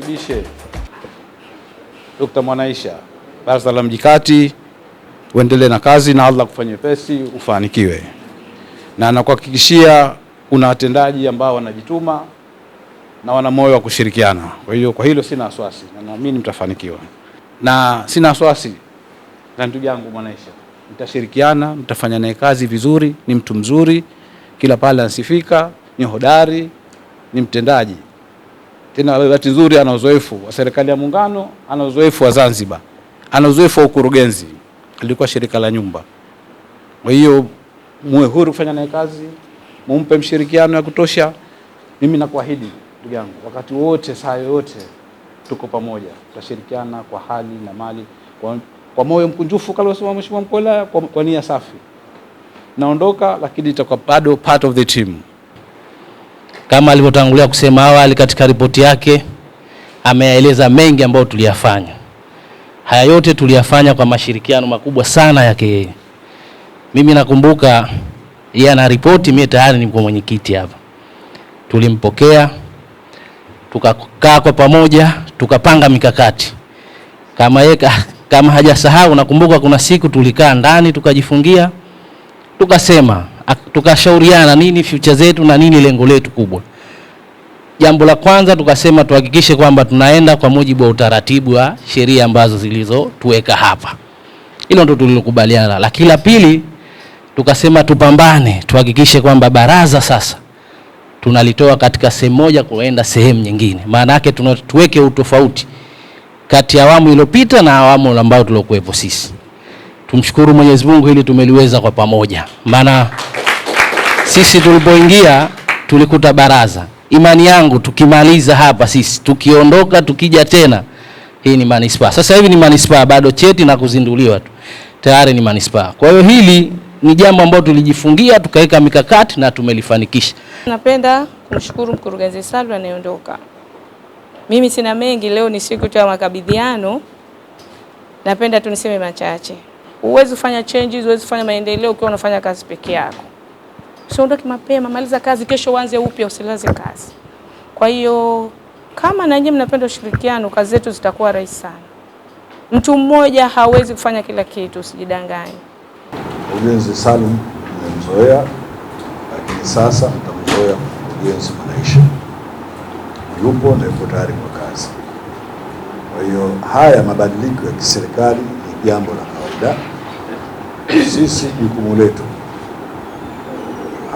Karibishe Dkt. Mwanaisha, Baraza la Mji Kati, uendelee na kazi na Allah kufanya pesi, ufanikiwe, na nakuhakikishia kuna watendaji ambao wanajituma na wana moyo wa kushirikiana. Kwa hiyo kwa hilo sina wasiwasi na naamini mtafanikiwa, na sina wasiwasi na ndugu yangu Mwanaisha, mtashirikiana, mtafanya naye kazi vizuri. Ni mtu mzuri, kila pale anasifika, ni hodari, ni mtendaji tena bahati nzuri ana uzoefu wa serikali ya Muungano, ana uzoefu wa Zanzibar, ana uzoefu wa ukurugenzi, alikuwa shirika la nyumba. Kwa hiyo muwe huru kufanya naye kazi, mumpe mshirikiano ya kutosha. Mimi nakuahidi ndugu yangu, wakati wote, saa yoyote, tuko pamoja, tutashirikiana kwa hali na mali, kwa, kwa moyo mkunjufu alivyosema Mheshimiwa Mkola, wilaya, kwa, kwa nia safi. Naondoka lakini itakuwa bado part of the team. Kama alivyotangulia kusema awali katika ripoti yake, ameyaeleza mengi ambayo tuliyafanya. Haya yote tuliyafanya kwa mashirikiano makubwa sana yake yeye. Mimi nakumbuka yeye ana ripoti, mimi tayari nilikuwa mwenyekiti hapa. Tulimpokea, tukakaa kwa pamoja, tukapanga mikakati kama ye, kama hajasahau, nakumbuka kuna siku tulikaa ndani tukajifungia, tukasema tukashauriana nini future zetu na nini lengo letu kubwa. Jambo la kwanza tukasema tuhakikishe kwamba tunaenda kwa mujibu wa utaratibu wa sheria ambazo zilizotuweka hapa. Hilo ndo tulilokubaliana. Lakini la pili tukasema tupambane, tuhakikishe kwamba baraza sasa tunalitoa katika sehemu moja kuenda sehemu nyingine. Maana yake tunatuweke utofauti kati ya awamu iliyopita na awamu ambayo tuliokuwepo sisi. Tumshukuru Mwenyezi Mungu, ili tumeliweza kwa pamoja, maana sisi tulipoingia tulikuta baraza. Imani yangu tukimaliza hapa sisi tukiondoka, tukija tena, hii ni manispaa. Sasa hivi ni manispaa, bado cheti na kuzinduliwa tu, tayari ni manispaa. Kwa hiyo hili ni jambo ambalo tulijifungia tukaweka mikakati na tumelifanikisha. Napenda kumshukuru mkurugenzi Salu anayeondoka. Mimi sina mengi, leo ni siku tu ya makabidhiano. Napenda tu niseme machache. Huwezi kufanya changes, huwezi kufanya maendeleo ukiwa unafanya kazi peke yako usiondoke mapema, maliza kazi, kesho uanze upya, usilaze kazi. Kwa hiyo kama na nyinyi mnapenda ushirikiano, kazi zetu zitakuwa rahisi sana. Mtu mmoja hawezi kufanya kila kitu, usijidanganye. Mkurugenzi Salum nimemzoea, lakini sasa nitamzoea mkurugenzi Mwanaisha, yupo na yupo tayari kwa kazi. Kwa hiyo haya mabadiliko ya kiserikali ni jambo la kawaida. Sisi jukumu letu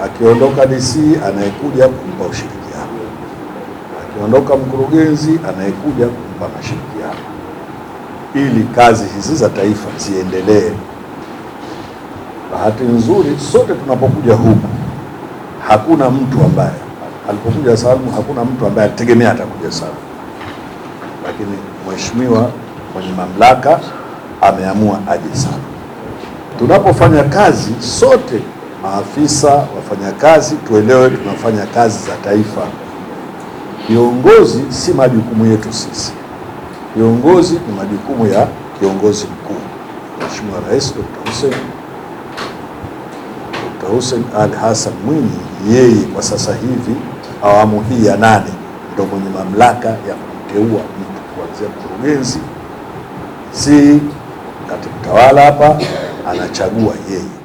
akiondoka DC anayekuja kumpa ushirikiano, akiondoka mkurugenzi anayekuja kumpa mashirikiano, ili kazi hizi za taifa ziendelee. Bahati nzuri sote tunapokuja huku hakuna mtu ambaye alipokuja Salmu, hakuna mtu ambaye alitegemea atakuja Salmu, lakini mheshimiwa mwenye mamlaka ameamua aje Salmu. Tunapofanya kazi sote maafisa, wafanyakazi, tuelewe tunafanya kazi za taifa. Viongozi si majukumu yetu sisi, viongozi ni majukumu ya kiongozi mkuu, Mheshimiwa Rais Dr. Hussein Dr. Hussein Ali Hassan Mwinyi. Yeye kwa sasa hivi awamu hii ya nane ndo mwenye mamlaka ya kumteua mtu kuanzia mkurugenzi, si katibu tawala hapa, anachagua yeye.